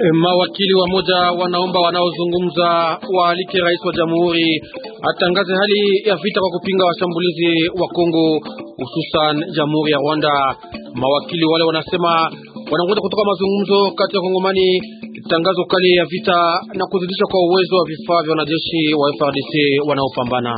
Eh, mawakili wa moja wanaomba wanaozungumza waalike rais wa jamhuri atangaze hali ya vita kwa kupinga washambulizi wa Kongo, hususan jamhuri ya Rwanda. Mawakili wale wanasema wanangoja kutoka mazungumzo kati ya Kongomani tangazo kali ya vita na kuzidisha kwa uwezo wa vifaa vya wanajeshi wa FRDC wanaopambana.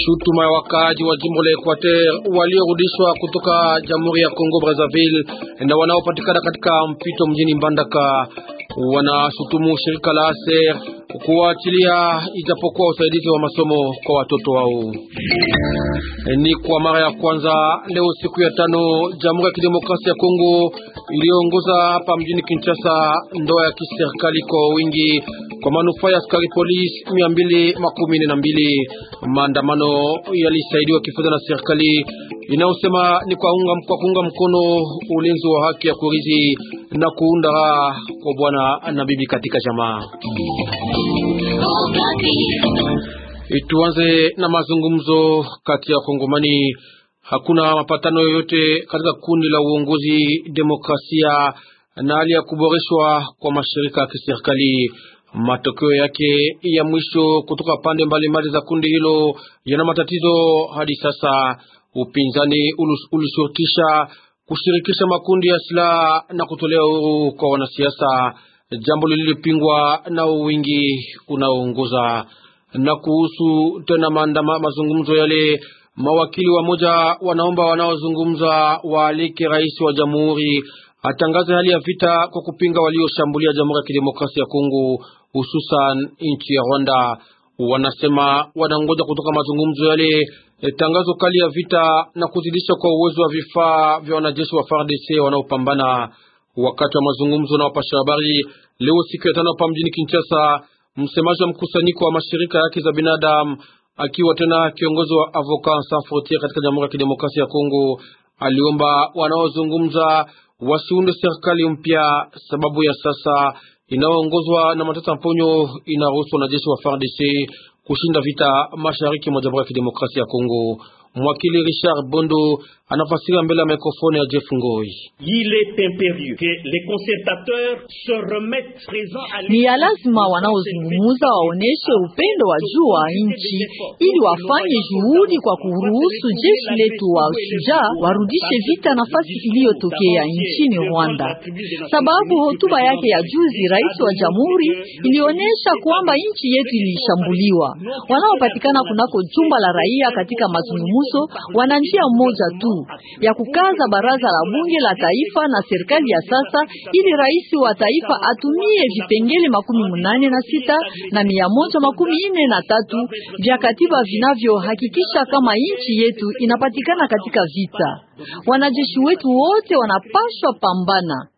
Shutuma ya wakaaji wa jimbo la Equateur waliorudishwa kutoka Jamhuri ya Kongo Brazzaville na wanaopatikana katika mpito mjini Mbandaka wanashutumu shirika la ASER kuwaachilia ijapokuwa usaidizi wa masomo kwa watoto wao. Ni kwa mara ya kwanza leo siku ya tano Jamhuri ya Kidemokrasia ya Kongo iliyoongoza hapa mjini Kinshasa ndoa ya kiserikali kwa wingi kwa manufaa ya askari polisi mia mbili makumi na mbili. Maandamano yalisaidiwa kifedha na serikali inayosema ni kwa kuunga, kwa kuunga mkono ulinzi wa haki ya kurizi na kuunda raha kwa bwana na bibi katika jamaa. Tuanze na mazungumzo kati ya Kongomani hakuna mapatano yoyote katika kundi la uongozi, demokrasia na hali ya kuboreshwa kwa mashirika ya kiserikali. Matokeo yake ya mwisho kutoka pande mbalimbali za kundi hilo yana matatizo hadi sasa. Upinzani ulishurutisha kushirikisha makundi ya silaha na kutolea uhuru kwa wanasiasa, jambo lililopingwa na uwingi unaoongoza. Na kuhusu tena maandama mazungumzo yale Mawakili wa moja wanaomba wanaozungumza waalike rais wa jamhuri atangaze hali ya vita kwa kupinga walioshambulia Jamhuri ya Kidemokrasia ya Kongo, hususan nchi ya Rwanda. Wanasema wanangoja kutoka mazungumzo yale e, tangazo kali ya vita na kuzidisha kwa uwezo wa vifaa vya wanajeshi wa FARDC wanaopambana. Wakati wa mazungumzo na wapasha habari leo siku ya tano hapa mjini Kinshasa, msemaji wa mkusanyiko wa mashirika ya haki za binadamu akiwa tena kiongozi wa Avocat Sans Frontiere katika Jamhuri ya Kidemokrasia ya Kongo, aliomba wanaozungumza wasiunde serikali mpya, sababu ya sasa inayoongozwa na Matata Mponyo inaruhusu wanajeshi wa FARDC kushinda vita mashariki mwa Jamhuri ya Kidemokrasia ya Kongo. Mwakili Richard Bondo anafasiriwa mbele ya mikrofoni ya Jeff Ngoi. Ni ya lazima wanaozungumuza waoneshe upendo wa juu wa nchi, ili wafanye juhudi kwa kuruhusu jeshi letu wa shujaa warudishe vita nafasi iliyotokea nchini Rwanda, sababu hotuba yake ya juzi rais wa jamhuri ilionyesha kwamba nchi yetu ilishambuliwa. Wanaopatikana kunako jumba la raia katika mazungumzo wana njia moja tu muhimu ya kukaza baraza la bunge la taifa na serikali ya sasa, ili rais wa taifa atumie vipengele makumi munane na sita na mia moja makumi ine na tatu vya katiba vinavyohakikisha kama nchi yetu inapatikana katika vita. Wanajeshi wetu wote wanapashwa pambana.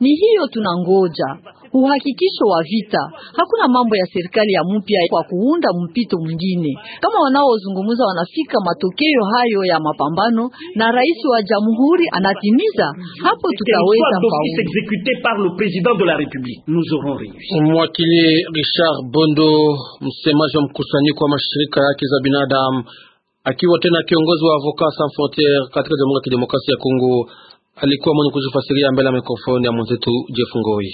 Ni hiyo tunangoja uhakikisho wa vita. Hakuna mambo ya serikali ya mpya kwa kuunda mpito mwingine. Kama wanaozungumza wanafika matokeo hayo ya mapambano na rais wa jamhuri anatimiza, hapo tutaweza Mwakili Richard Bondo, msemaji wa mkusanyiko wa mashirika ya haki za binadamu, akiwa tena kiongozi wa Avocats Sans frontiere katika Jamhuri ya Kidemokrasia ya Kongo alikuwa mwenye kuzifasiria mbele ya mikrofoni ya mwenzetu Jefungoi.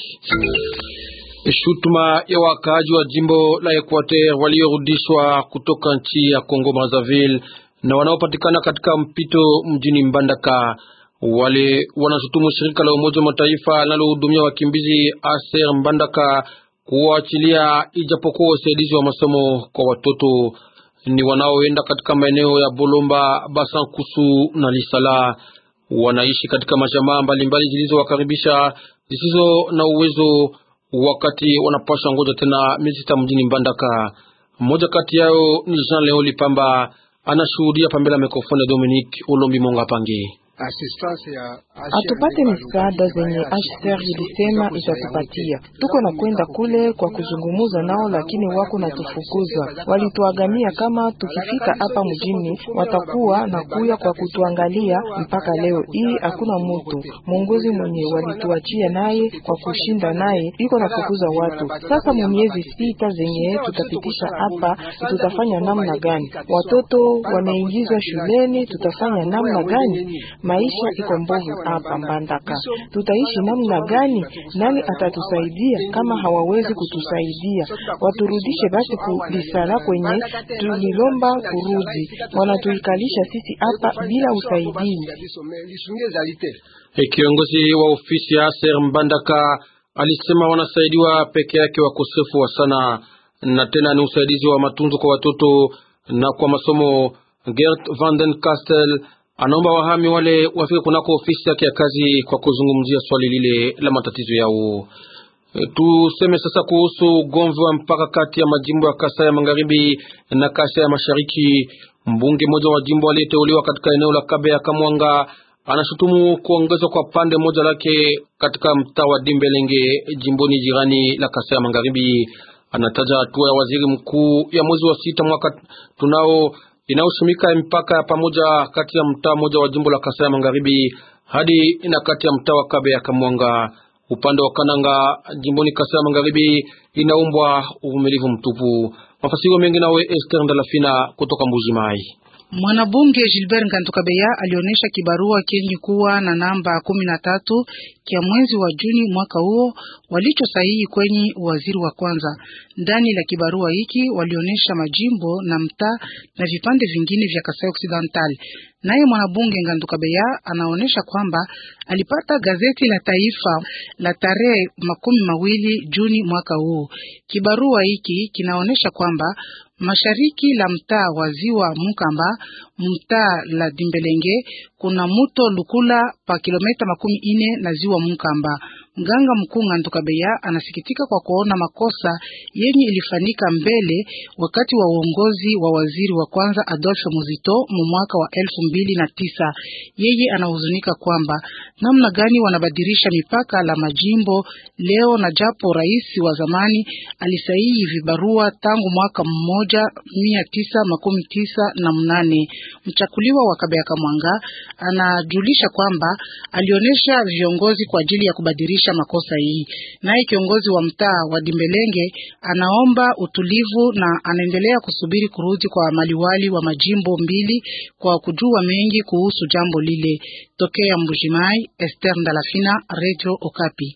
Shutuma ya wakaaji wa jimbo la Equateur waliorudishwa kutoka nchi ya congo Brazzaville na wanaopatikana katika mpito mjini Mbandaka wale wanashutumu shirika la Umoja wa Mataifa linalohudumia wakimbizi Aser Mbandaka kuwaachilia ijapokuwa usaidizi wa masomo kwa watoto ni wanaoenda katika maeneo ya Bolomba, Basankusu na Lisala wanaishi katika majamaa mbalimbali zilizowakaribisha zisizo na uwezo, wakati wanapaswa ngoja tena miezi sita mjini Mbandaka. Mmoja kati yao ni Jean Leoli Pamba, anashuhudia pambela mikrofoni ya Dominique Ulombi Monga Pangi atupate misaada zenye HCR ilisema itatupatia. Tuko na kwenda kule kwa kuzungumuza nao, lakini wako na tufukuza. Walituagamia kama tukifika hapa mjini watakuwa na kuya kwa kutuangalia. Mpaka leo hii hakuna mutu mwongozi mwenye walituachia naye kwa kushinda naye iko na kufukuza watu. Sasa mumiezi miezi sita zenye tutapitisha hapa tutafanya namna gani? Watoto wameingizwa shuleni, tutafanya namna gani? maisha iko mbovu hapa Mbandaka. Tutaishi namna gani? Nani atatusaidia kama hawawezi kutusaidia? Waturudishe basi kulisala kwenye tulilomba kurudi, wanatuikalisha sisi hapa bila usaidizi. Kiongozi wa ofisi ya Aser Mbandaka alisema wanasaidiwa peke yake wakosefu wa sana, na tena ni usaidizi wa matunzo kwa watoto na kwa masomo. Gert Van anaomba wahami wale wafike kunako ofisi yake ya kazi kwa kuzungumzia swali lile la matatizo yao. E, tuseme sasa kuhusu ugomvi wa mpaka kati ya majimbo ya Kasai ya magharibi na Kasai ya mashariki. Mbunge mmoja wa jimbo aliyeteuliwa katika eneo la Kabe ya Kamwanga anashutumu kuongezwa kwa pande moja lake katika mtaa wa Dimbelenge jimboni jirani la Kasai ya magharibi. Anataja hatua ya waziri mkuu ya mwezi wa sita mwaka tunao inayosimika mpaka ya pamoja kati ya mtaa mmoja wa jimbo la Kasai Magharibi hadi na kati ya mtaa wa ya Kamwanga upande wa Kananga jimboni Kasai Magharibi inaumbwa uvumilivu mtupu. Mafasiro mengi nawe Esther Ndalafina kutoka Mbuzimai. Mwanabunge Gilbert Ngantukabeya alionyesha kibarua kenye kuwa na namba kumi na tatu kia mwezi wa Juni mwaka huo walichosahihi kwenye waziri wa kwanza. Ndani la kibarua hiki walionyesha majimbo na mtaa na vipande vingine vya Kasai Occidental. Naye mwanabunge Ngandukabeya anaonyesha kwamba alipata gazeti la taifa la tarehe makumi mawili Juni mwaka huu. Kibarua hiki kinaonyesha kwamba mashariki la mtaa wa ziwa Mukamba, mtaa la Dimbelenge, kuna muto Lukula pa kilomita makumi ine na ziwa Mukamba. Mganga mkuu Ng'anduka Beya anasikitika kwa kuona makosa yenye ilifanyika mbele wakati wa uongozi wa waziri wa kwanza Adolphe Muzito mu mwaka wa elfu mbili na tisa. Yeye anahuzunika kwamba namna gani wanabadilisha mipaka la majimbo leo, na japo rais wa zamani alisaini vibarua tangu mwaka mmoja mia tisa makumi tisa na mnane. Mchakuliwa wa Kabeya Kamwanga anajulisha kwamba alionyesha viongozi kwa ajili ya kubadilisha kurekebisha makosa hii. Naye kiongozi wa mtaa wa Dimbelenge anaomba utulivu na anaendelea kusubiri kurudi kwa maliwali wa majimbo mbili kwa kujua mengi kuhusu jambo lile. Tokea Mbujimai, Esther Ndalafina, Radio Okapi.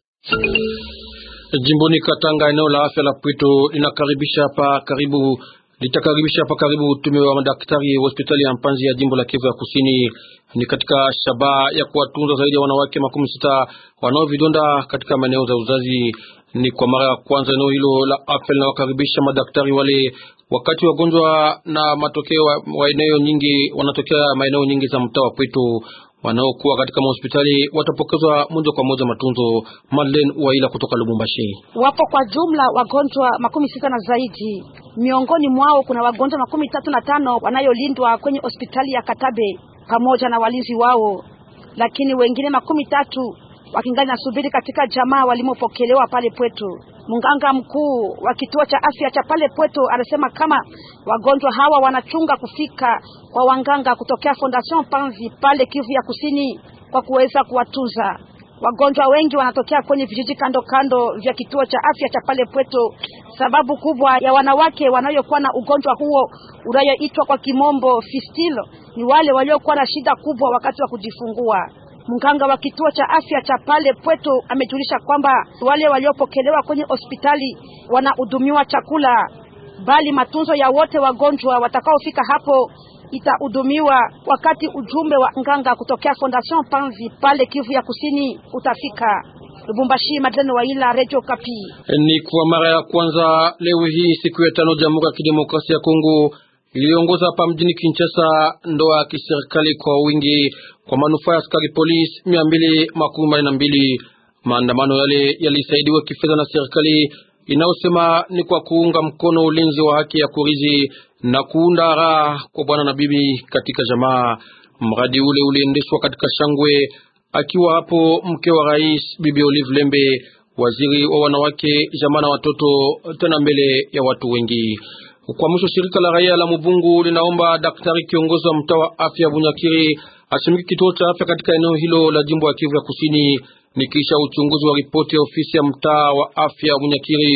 Jimboni Katanga, eneo la afya la Pwito linakaribisha hapa karibu litakaribisha hapa karibu utume wa madaktari wa hospitali ya Mpanzi ya jimbo la Kivu ya Kusini. Ni katika shabaha ya kuwatunza zaidi ya wanawake makumi sita wanaovidonda katika maeneo za uzazi. Ni kwa mara ya kwanza eneo hilo la afya linawakaribisha madaktari wale, wakati wagonjwa na matokeo wa eneo nyingi wanatokea maeneo nyingi za mtaa wa Pweto wanaokuwa katika mahospitali watapokezwa moja kwa moja matunzo. Madeleine Waila kutoka Lubumbashi. Wapo kwa jumla wagonjwa makumi sita na zaidi, miongoni mwao kuna wagonjwa makumi tatu na tano wanayolindwa kwenye hospitali ya Katabe pamoja na walinzi wao, lakini wengine makumi tatu wakingali subiri katika jamaa walimopokelewa pale Pweto. Mganga mkuu wa kituo cha afya cha pale Pweto anasema kama wagonjwa hawa wanachunga kufika kwa wanganga kutokea Fondation Panzi pale Kivu ya Kusini kwa kuweza kuwatunza wagonjwa wengi wanatokea kwenye vijiji kando kando vya kituo cha afya cha pale Pweto. Sababu kubwa ya wanawake wanayokuwa na ugonjwa huo unayoitwa kwa kimombo fistilo ni wale waliokuwa na shida kubwa wakati wa kujifungua. Mganga wa kituo cha afya cha pale Pweto amejulisha kwamba wale waliopokelewa kwenye hospitali wanahudumiwa chakula, bali matunzo ya wote wagonjwa watakaofika hapo itahudumiwa wakati ujumbe wa nganga kutokea Fondation Panzi pale Kivu ya Kusini utafika. Lubumbashi, Madeleine Waila, Radio Kapi. Ni kwa mara ya kwanza leo hii siku ya tano Jamhuri ya Kidemokrasia ya Kongo iliongoza hapa mjini Kinshasa ndoa ya kiserikali kwa wingi kwa manufaa ya askari polisi mia mbili makumi na mbili. Maandamano yale yalisaidiwa kifedha na serikali inayosema ni kwa kuunga mkono ulinzi wa haki ya kurizi na kuunda raha kwa bwana na bibi katika jamaa. Mradi ule uliendeshwa katika shangwe, akiwa hapo mke wa rais Bibi Olive Lembe, waziri wa wanawake, jamaa na watoto, tena mbele ya watu wengi. Kwa mwisho, shirika la raia la Mubungu linaomba daktari kiongozi wa mtaa wa afya Bunyakiri ashimiki kituo cha afya katika eneo hilo la jimbo ya Kivu ya Kusini nikisha uchunguzi wa ripoti ya ofisi ya mtaa wa afya Bunyakiri.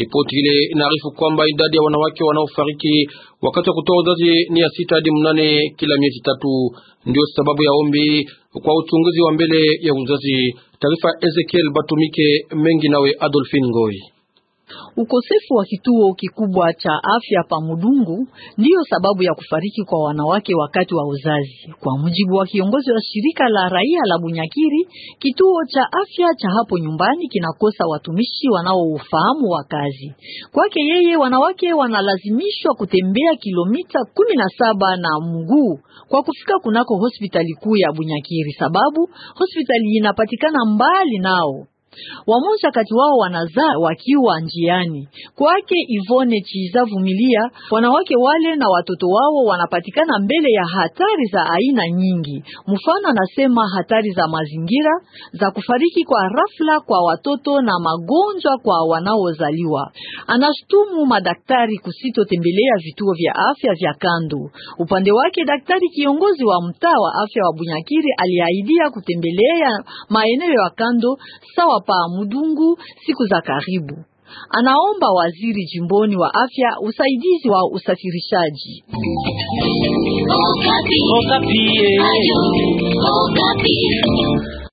Ripoti ile inaarifu kwamba idadi ya wanawake wanaofariki wakati wa kutoa uzazi ni ya sita hadi mnane kila miezi tatu. Ndio sababu ya ombi kwa uchunguzi wa mbele ya uzazi. Taarifa Ezekiel Batumike mengi nawe Adolfin Ngoi. Ukosefu wa kituo kikubwa cha afya pa Mudungu ndiyo sababu ya kufariki kwa wanawake wakati wa uzazi. Kwa mujibu wa kiongozi wa shirika la raia la Bunyakiri, kituo cha afya cha hapo nyumbani kinakosa watumishi wanaoufahamu wa kazi. Kwake yeye, wanawake wanalazimishwa kutembea kilomita kumi na saba na mguu kwa kufika kunako hospitali kuu ya Bunyakiri, sababu hospitali inapatikana mbali nao. Wamoja kati wao wanazaa wakiwa njiani. Kwake Ivone Chizavumilia, wanawake wale na watoto wao wanapatikana mbele ya hatari za aina nyingi. Mfano, anasema hatari za mazingira, za kufariki kwa rafla kwa watoto na magonjwa kwa wanaozaliwa. Anashtumu madaktari kusitotembelea vituo vya afya vya kando. Upande wake, daktari kiongozi wa mtaa wa afya wa Bunyakiri aliahidia kutembelea maeneo ya kando sawa pa Mudungu siku za karibu. Anaomba waziri jimboni wa afya usaidizi wa usafirishaji. Okapi. Okapi.